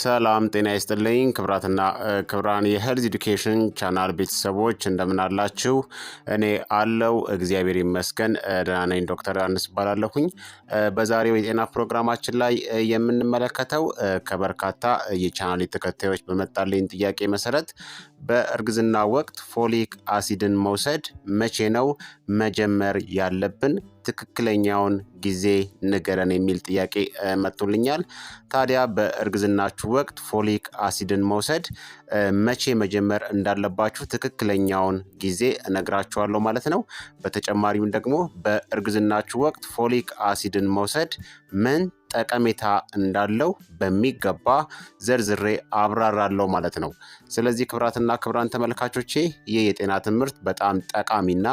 ሰላም ጤና ይስጥልኝ ክብራትና ክብራን የሄልዝ ኤዱኬሽን ቻናል ቤተሰቦች እንደምን አላችሁ? እኔ አለው እግዚአብሔር ይመስገን ደህና ነኝ። ዶክተር አንስ ይባላለሁኝ በዛሬው የጤና ፕሮግራማችን ላይ የምንመለከተው ከበርካታ የቻናል ተከታዮች በመጣልኝ ጥያቄ መሰረት በእርግዝና ወቅት ፎሊክ አሲድን መውሰድ መቼ ነው መጀመር ያለብን? ትክክለኛውን ጊዜ ንገረን የሚል ጥያቄ መጥቶልኛል። ታዲያ በእርግዝናችሁ ወቅት ፎሊክ አሲድን መውሰድ መቼ መጀመር እንዳለባችሁ ትክክለኛውን ጊዜ እነግራችኋለሁ ማለት ነው። በተጨማሪም ደግሞ በእርግዝናችሁ ወቅት ፎሊክ አሲድን መውሰድ ምን ጠቀሜታ እንዳለው በሚገባ ዘርዝሬ አብራራለሁ ማለት ነው። ስለዚህ ክብራትና ክብራን ተመልካቾቼ ይህ የጤና ትምህርት በጣም ጠቃሚና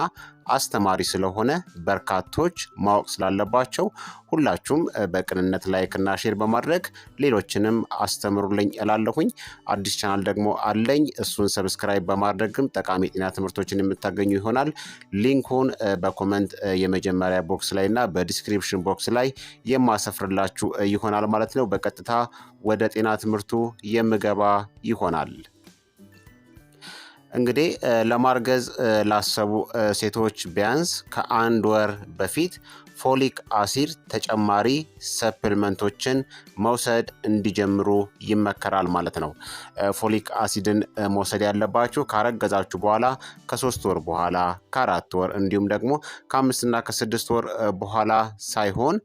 አስተማሪ ስለሆነ በርካቶች ማወቅ ስላለባቸው ሁላችሁም በቅንነት ላይክና ሼር በማድረግ ሌሎችንም አስተምሩልኝ እላለሁኝ። አዲስ ቻናል ደግሞ አለኝ። እሱን ሰብስክራይብ በማድረግም ጠቃሚ የጤና ትምህርቶችን የምታገኙ ይሆናል። ሊንኩን በኮመንት የመጀመሪያ ቦክስ ላይ እና በዲስክሪፕሽን ቦክስ ላይ የማሰፍርላችሁ ይሆናል ማለት ነው። በቀጥታ ወደ ጤና ትምህርቱ የምገባ ይሆናል። እንግዲህ ለማርገዝ ላሰቡ ሴቶች ቢያንስ ከአንድ ወር በፊት ፎሊክ አሲድ ተጨማሪ ሰፕልመንቶችን መውሰድ እንዲጀምሩ ይመከራል ማለት ነው። ፎሊክ አሲድን መውሰድ ያለባችሁ ካረገዛችሁ በኋላ ከሶስት ወር በኋላ ከአራት ወር እንዲሁም ደግሞ ከአምስትና ከስድስት ወር በኋላ ሳይሆን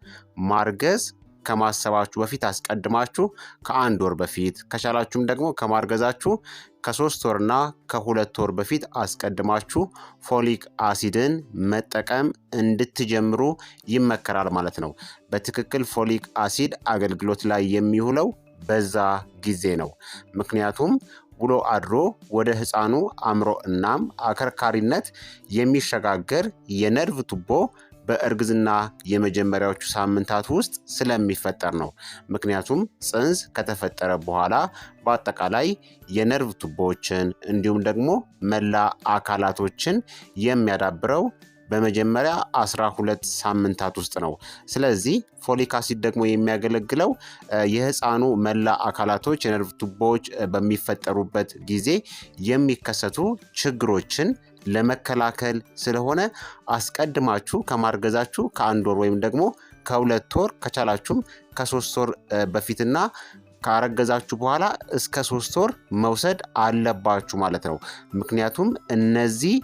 ማርገዝ ከማሰባችሁ በፊት አስቀድማችሁ ከአንድ ወር በፊት ከቻላችሁም ደግሞ ከማርገዛችሁ ከሶስት ወርና ከሁለት ወር በፊት አስቀድማችሁ ፎሊክ አሲድን መጠቀም እንድትጀምሩ ይመከራል ማለት ነው። በትክክል ፎሊክ አሲድ አገልግሎት ላይ የሚውለው በዛ ጊዜ ነው። ምክንያቱም ውሎ አድሮ ወደ ህፃኑ አእምሮ እናም አከርካሪነት የሚሸጋገር የነርቭ ቱቦ በእርግዝና የመጀመሪያዎቹ ሳምንታት ውስጥ ስለሚፈጠር ነው። ምክንያቱም ፅንስ ከተፈጠረ በኋላ በአጠቃላይ የነርቭ ቱቦዎችን እንዲሁም ደግሞ መላ አካላቶችን የሚያዳብረው በመጀመሪያ 12 ሳምንታት ውስጥ ነው። ስለዚህ ፎሊክ አሲድ ደግሞ የሚያገለግለው የህፃኑ መላ አካላቶች የነርቭ ቱቦዎች በሚፈጠሩበት ጊዜ የሚከሰቱ ችግሮችን ለመከላከል ስለሆነ አስቀድማችሁ ከማርገዛችሁ ከአንድ ወር ወይም ደግሞ ከሁለት ወር ከቻላችሁም ከሶስት ወር በፊትና ካረገዛችሁ በኋላ እስከ ሶስት ወር መውሰድ አለባችሁ ማለት ነው። ምክንያቱም እነዚህ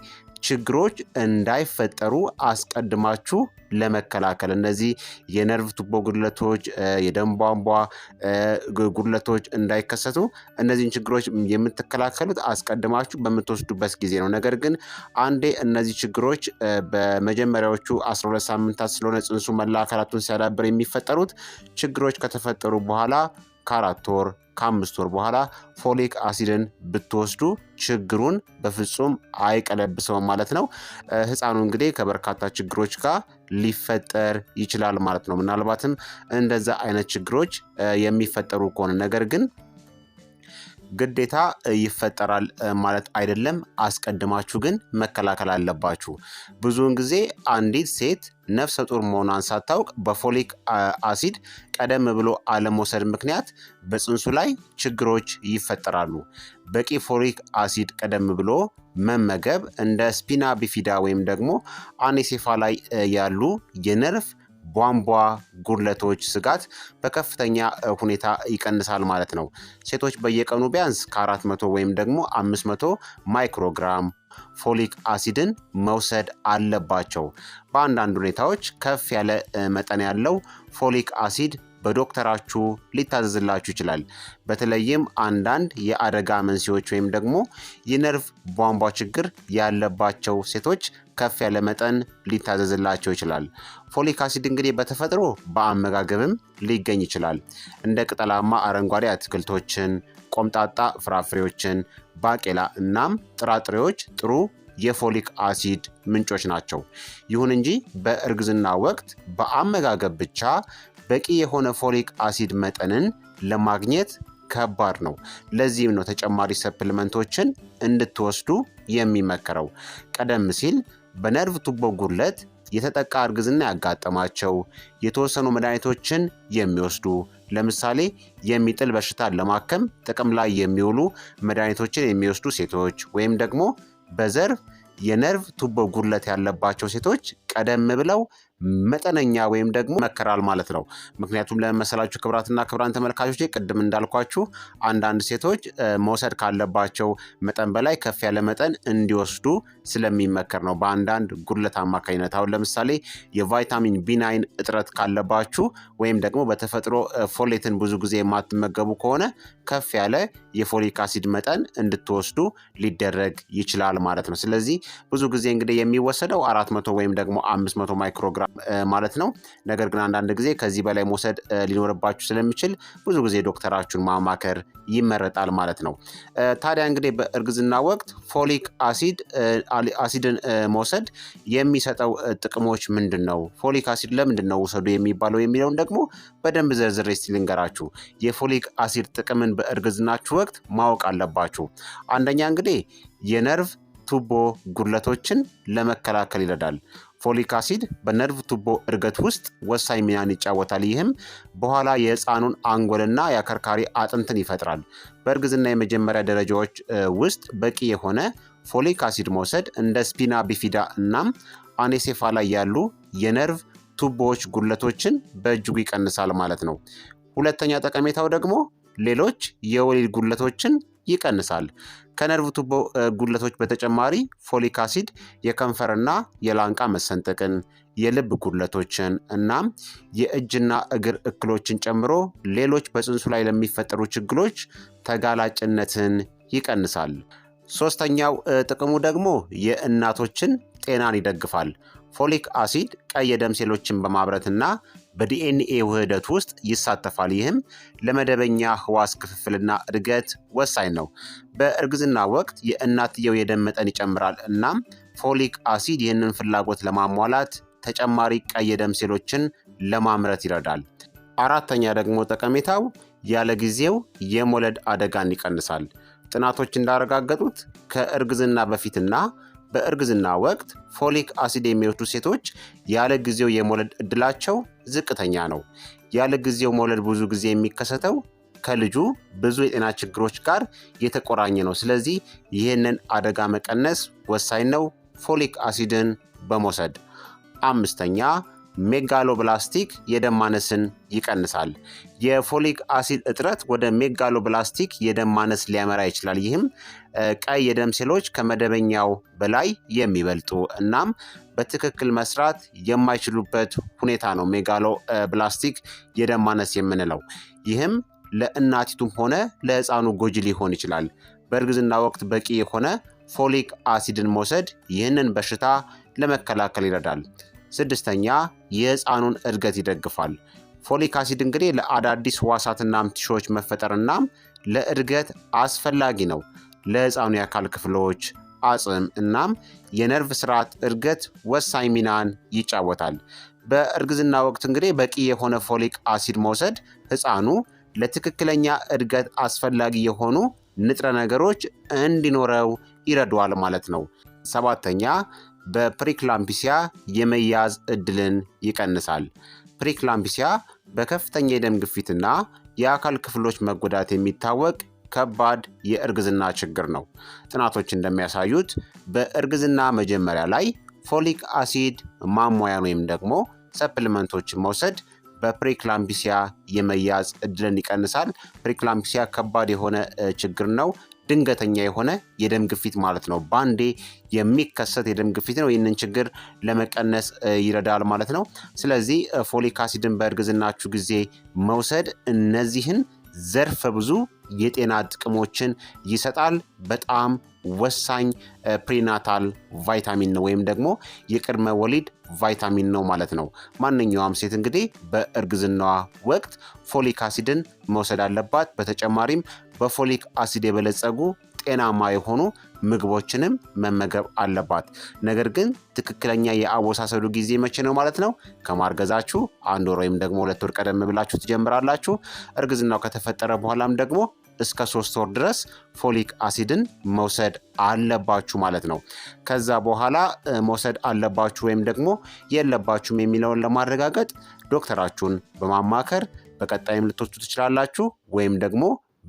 ችግሮች እንዳይፈጠሩ አስቀድማችሁ ለመከላከል እነዚህ የነርቭ ቱቦ ጉድለቶች፣ የደም ቧንቧ ጉድለቶች እንዳይከሰቱ እነዚህን ችግሮች የምትከላከሉት አስቀድማችሁ በምትወስዱበት ጊዜ ነው። ነገር ግን አንዴ እነዚህ ችግሮች በመጀመሪያዎቹ 12 ሳምንታት ስለሆነ ጽንሱ መላ አካላቱን ሲያዳብር የሚፈጠሩት ችግሮች ከተፈጠሩ በኋላ ከአራት ወር ከአምስት ወር በኋላ ፎሊክ አሲድን ብትወስዱ ችግሩን በፍጹም አይቀለብሰውም ማለት ነው። ህፃኑ እንግዲህ ከበርካታ ችግሮች ጋር ሊፈጠር ይችላል ማለት ነው። ምናልባትም እንደዛ አይነት ችግሮች የሚፈጠሩ ከሆነ ነገር ግን ግዴታ ይፈጠራል ማለት አይደለም። አስቀድማችሁ ግን መከላከል አለባችሁ። ብዙውን ጊዜ አንዲት ሴት ነፍሰ ጡር መሆኗን ሳታውቅ በፎሊክ አሲድ ቀደም ብሎ አለመውሰድ ምክንያት በፅንሱ ላይ ችግሮች ይፈጠራሉ። በቂ ፎሊክ አሲድ ቀደም ብሎ መመገብ እንደ ስፒና ቢፊዳ ወይም ደግሞ አኔሴፋ ላይ ያሉ የነርፍ ቧንቧ ጉድለቶች ስጋት በከፍተኛ ሁኔታ ይቀንሳል ማለት ነው። ሴቶች በየቀኑ ቢያንስ ከ መቶ ወይም ደግሞ 500 ማይክሮግራም ፎሊክ አሲድን መውሰድ አለባቸው። በአንዳንድ ሁኔታዎች ከፍ ያለ መጠን ያለው ፎሊክ አሲድ በዶክተራችሁ ሊታዘዝላችሁ ይችላል። በተለይም አንዳንድ የአደጋ መንስኤዎች ወይም ደግሞ የነርቭ ቧንቧ ችግር ያለባቸው ሴቶች ከፍ ያለ መጠን ሊታዘዝላቸው ይችላል። ፎሊክ አሲድ እንግዲህ በተፈጥሮ በአመጋገብም ሊገኝ ይችላል። እንደ ቅጠላማ አረንጓዴ አትክልቶችን፣ ቆምጣጣ ፍራፍሬዎችን፣ ባቄላ እናም ጥራጥሬዎች ጥሩ የፎሊክ አሲድ ምንጮች ናቸው። ይሁን እንጂ በእርግዝና ወቅት በአመጋገብ ብቻ በቂ የሆነ ፎሊክ አሲድ መጠንን ለማግኘት ከባድ ነው። ለዚህም ነው ተጨማሪ ሰፕልመንቶችን እንድትወስዱ የሚመከረው። ቀደም ሲል በነርቭ ቱቦ ጉድለት የተጠቃ እርግዝና ያጋጠማቸው፣ የተወሰኑ መድኃኒቶችን የሚወስዱ ለምሳሌ የሚጥል በሽታን ለማከም ጥቅም ላይ የሚውሉ መድኃኒቶችን የሚወስዱ ሴቶች ወይም ደግሞ በዘርፍ የነርቭ ቱቦ ጉድለት ያለባቸው ሴቶች ቀደም ብለው መጠነኛ ወይም ደግሞ መከራል ማለት ነው። ምክንያቱም ለመሰላችሁ ክብራትና ክብራን ተመልካቾች ቅድም እንዳልኳችሁ አንዳንድ ሴቶች መውሰድ ካለባቸው መጠን በላይ ከፍ ያለ መጠን እንዲወስዱ ስለሚመከር ነው። በአንዳንድ ጉድለት አማካኝነት አሁን ለምሳሌ የቫይታሚን ቢናይን እጥረት ካለባችሁ ወይም ደግሞ በተፈጥሮ ፎሌትን ብዙ ጊዜ የማትመገቡ ከሆነ ከፍ ያለ የፎሊክ አሲድ መጠን እንድትወስዱ ሊደረግ ይችላል ማለት ነው። ስለዚህ ብዙ ጊዜ እንግዲህ የሚወሰደው አራት መቶ ወይም ደግሞ አምስት መቶ ማይክሮግራም ማለት ነው። ነገር ግን አንዳንድ ጊዜ ከዚህ በላይ መውሰድ ሊኖርባችሁ ስለሚችል ብዙ ጊዜ ዶክተራችሁን ማማከር ይመረጣል ማለት ነው። ታዲያ እንግዲህ በእርግዝና ወቅት ፎሊክ አሲድ አሲድን መውሰድ የሚሰጠው ጥቅሞች ምንድን ነው? ፎሊክ አሲድ ለምንድን ነው ውሰዱ የሚባለው የሚለውን ደግሞ በደንብ ዘርዝሬ እስቲ ልንገራችሁ። የፎሊክ አሲድ ጥቅምን በእርግዝናችሁ ወቅት ማወቅ አለባችሁ። አንደኛ እንግዲህ የነርቭ ቱቦ ጉድለቶችን ለመከላከል ይረዳል። ፎሊክ አሲድ በነርቭ ቱቦ እድገት ውስጥ ወሳኝ ሚናን ይጫወታል። ይህም በኋላ የህፃኑን አንጎልና የአከርካሪ አጥንትን ይፈጥራል። በእርግዝና የመጀመሪያ ደረጃዎች ውስጥ በቂ የሆነ ፎሊክ አሲድ መውሰድ እንደ ስፒና ቢፊዳ እናም ላይ ያሉ የነርቭ ቱቦዎች ጉለቶችን በእጅጉ ይቀንሳል ማለት ነው። ሁለተኛ ጠቀሜታው ደግሞ ሌሎች የወሊድ ጉለቶችን ይቀንሳል። ከነርቭ ቱቦ ጉለቶች በተጨማሪ ፎሊክ አሲድ የከንፈርና የላንቃ መሰንጠቅን፣ የልብ ጉድለቶችን እናም የእጅና እግር እክሎችን ጨምሮ ሌሎች በፅንሱ ላይ ለሚፈጠሩ ችግሮች ተጋላጭነትን ይቀንሳል። ሶስተኛው ጥቅሙ ደግሞ የእናቶችን ጤናን ይደግፋል። ፎሊክ አሲድ ቀይ የደም ሴሎችን በማብረትና በዲኤንኤ ውህደት ውስጥ ይሳተፋል። ይህም ለመደበኛ ህዋስ ክፍፍልና እድገት ወሳኝ ነው። በእርግዝና ወቅት የእናትየው የደም መጠን ይጨምራል። እናም ፎሊክ አሲድ ይህንን ፍላጎት ለማሟላት ተጨማሪ ቀይ የደም ሴሎችን ለማምረት ይረዳል። አራተኛ ደግሞ ጠቀሜታው ያለ ጊዜው የመውለድ አደጋን ይቀንሳል። ጥናቶች እንዳረጋገጡት ከእርግዝና በፊትና በእርግዝና ወቅት ፎሊክ አሲድ የሚወስዱ ሴቶች ያለ ጊዜው የመውለድ እድላቸው ዝቅተኛ ነው። ያለ ጊዜው መውለድ ብዙ ጊዜ የሚከሰተው ከልጁ ብዙ የጤና ችግሮች ጋር የተቆራኘ ነው። ስለዚህ ይህንን አደጋ መቀነስ ወሳኝ ነው። ፎሊክ አሲድን በመውሰድ አምስተኛ ሜጋሎብላስቲክ የደም ማነስን ይቀንሳል። የፎሊክ አሲድ እጥረት ወደ ሜጋሎብላስቲክ የደም ማነስ ሊያመራ ይችላል። ይህም ቀይ የደም ሴሎች ከመደበኛው በላይ የሚበልጡ እናም በትክክል መስራት የማይችሉበት ሁኔታ ነው ሜጋሎብላስቲክ የደም ማነስ የምንለው። ይህም ለእናቲቱም ሆነ ለህፃኑ ጎጂ ሊሆን ይችላል። በእርግዝና ወቅት በቂ የሆነ ፎሊክ አሲድን መውሰድ ይህንን በሽታ ለመከላከል ይረዳል። ስድስተኛ የህፃኑን እድገት ይደግፋል። ፎሊክ አሲድ እንግዲህ ለአዳዲስ ህዋሳትና ምትሾች መፈጠርና ለእድገት አስፈላጊ ነው። ለህፃኑ የአካል ክፍሎች አጽም እናም የነርቭ ስርዓት እድገት ወሳኝ ሚናን ይጫወታል። በእርግዝና ወቅት እንግዲህ በቂ የሆነ ፎሊክ አሲድ መውሰድ ህፃኑ ለትክክለኛ እድገት አስፈላጊ የሆኑ ንጥረ ነገሮች እንዲኖረው ይረዷል ማለት ነው። ሰባተኛ በፕሪክላምፒሲያ የመያዝ እድልን ይቀንሳል። ፕሪክላምፒሲያ በከፍተኛ የደም ግፊትና የአካል ክፍሎች መጎዳት የሚታወቅ ከባድ የእርግዝና ችግር ነው። ጥናቶች እንደሚያሳዩት በእርግዝና መጀመሪያ ላይ ፎሊክ አሲድ ማሟያን ወይም ደግሞ ሰፕሊመንቶችን መውሰድ በፕሪክላምቢሲያ የመያዝ እድልን ይቀንሳል። ፕሪክላምቢሲያ ከባድ የሆነ ችግር ነው። ድንገተኛ የሆነ የደም ግፊት ማለት ነው። ባንዴ የሚከሰት የደም ግፊት ነው። ይህንን ችግር ለመቀነስ ይረዳል ማለት ነው። ስለዚህ ፎሊክ አሲድን በእርግዝናችሁ ጊዜ መውሰድ እነዚህን ዘርፈ ብዙ የጤና ጥቅሞችን ይሰጣል። በጣም ወሳኝ ፕሪናታል ቫይታሚን ነው ወይም ደግሞ የቅድመ ወሊድ ቫይታሚን ነው ማለት ነው። ማንኛውም ሴት እንግዲህ በእርግዝናዋ ወቅት ፎሊክ አሲድን መውሰድ አለባት። በተጨማሪም በፎሊክ አሲድ የበለጸጉ ጤናማ የሆኑ ምግቦችንም መመገብ አለባት። ነገር ግን ትክክለኛ የአወሳሰዱ ጊዜ መቼ ነው ማለት ነው? ከማርገዛችሁ አንድ ወር ወይም ደግሞ ሁለት ወር ቀደም ብላችሁ ትጀምራላችሁ። እርግዝናው ከተፈጠረ በኋላም ደግሞ እስከ ሶስት ወር ድረስ ፎሊክ አሲድን መውሰድ አለባችሁ ማለት ነው። ከዛ በኋላ መውሰድ አለባችሁ ወይም ደግሞ የለባችሁም የሚለውን ለማረጋገጥ ዶክተራችሁን በማማከር በቀጣይም ልትወስዱ ትችላላችሁ ወይም ደግሞ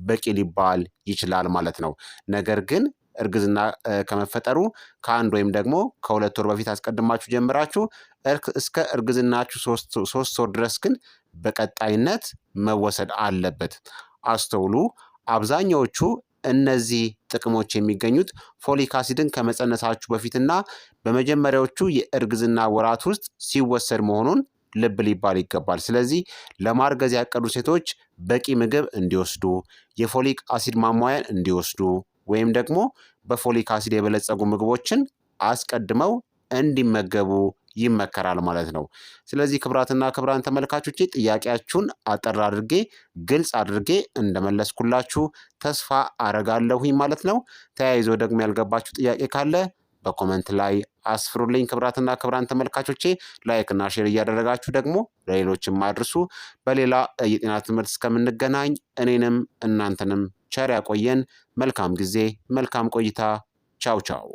በቂ ሊባል ይችላል ማለት ነው። ነገር ግን እርግዝና ከመፈጠሩ ከአንድ ወይም ደግሞ ከሁለት ወር በፊት አስቀድማችሁ ጀምራችሁ እስከ እርግዝናችሁ ሶስት ወር ድረስ ግን በቀጣይነት መወሰድ አለበት። አስተውሉ። አብዛኛዎቹ እነዚህ ጥቅሞች የሚገኙት ፎሊክ አሲድን ከመጸነሳችሁ በፊትና በመጀመሪያዎቹ የእርግዝና ወራት ውስጥ ሲወሰድ መሆኑን ልብ ሊባል ይገባል። ስለዚህ ለማርገዝ ያቀዱ ሴቶች በቂ ምግብ እንዲወስዱ፣ የፎሊክ አሲድ ማሟያን እንዲወስዱ ወይም ደግሞ በፎሊክ አሲድ የበለጸጉ ምግቦችን አስቀድመው እንዲመገቡ ይመከራል ማለት ነው። ስለዚህ ክብራትና ክቡራን ተመልካቾቼ ጥያቄያችሁን አጠር አድርጌ ግልጽ አድርጌ እንደመለስኩላችሁ ተስፋ አረጋለሁኝ ማለት ነው። ተያይዞ ደግሞ ያልገባችሁ ጥያቄ ካለ በኮመንት ላይ አስፍሩልኝ። ክብራትና ክብራን ተመልካቾቼ ላይክና ሼር እያደረጋችሁ ደግሞ ለሌሎችም አድርሱ። በሌላ የጤና ትምህርት እስከምንገናኝ እኔንም እናንተንም ቸር ያቆየን። መልካም ጊዜ፣ መልካም ቆይታ። ቻው ቻው።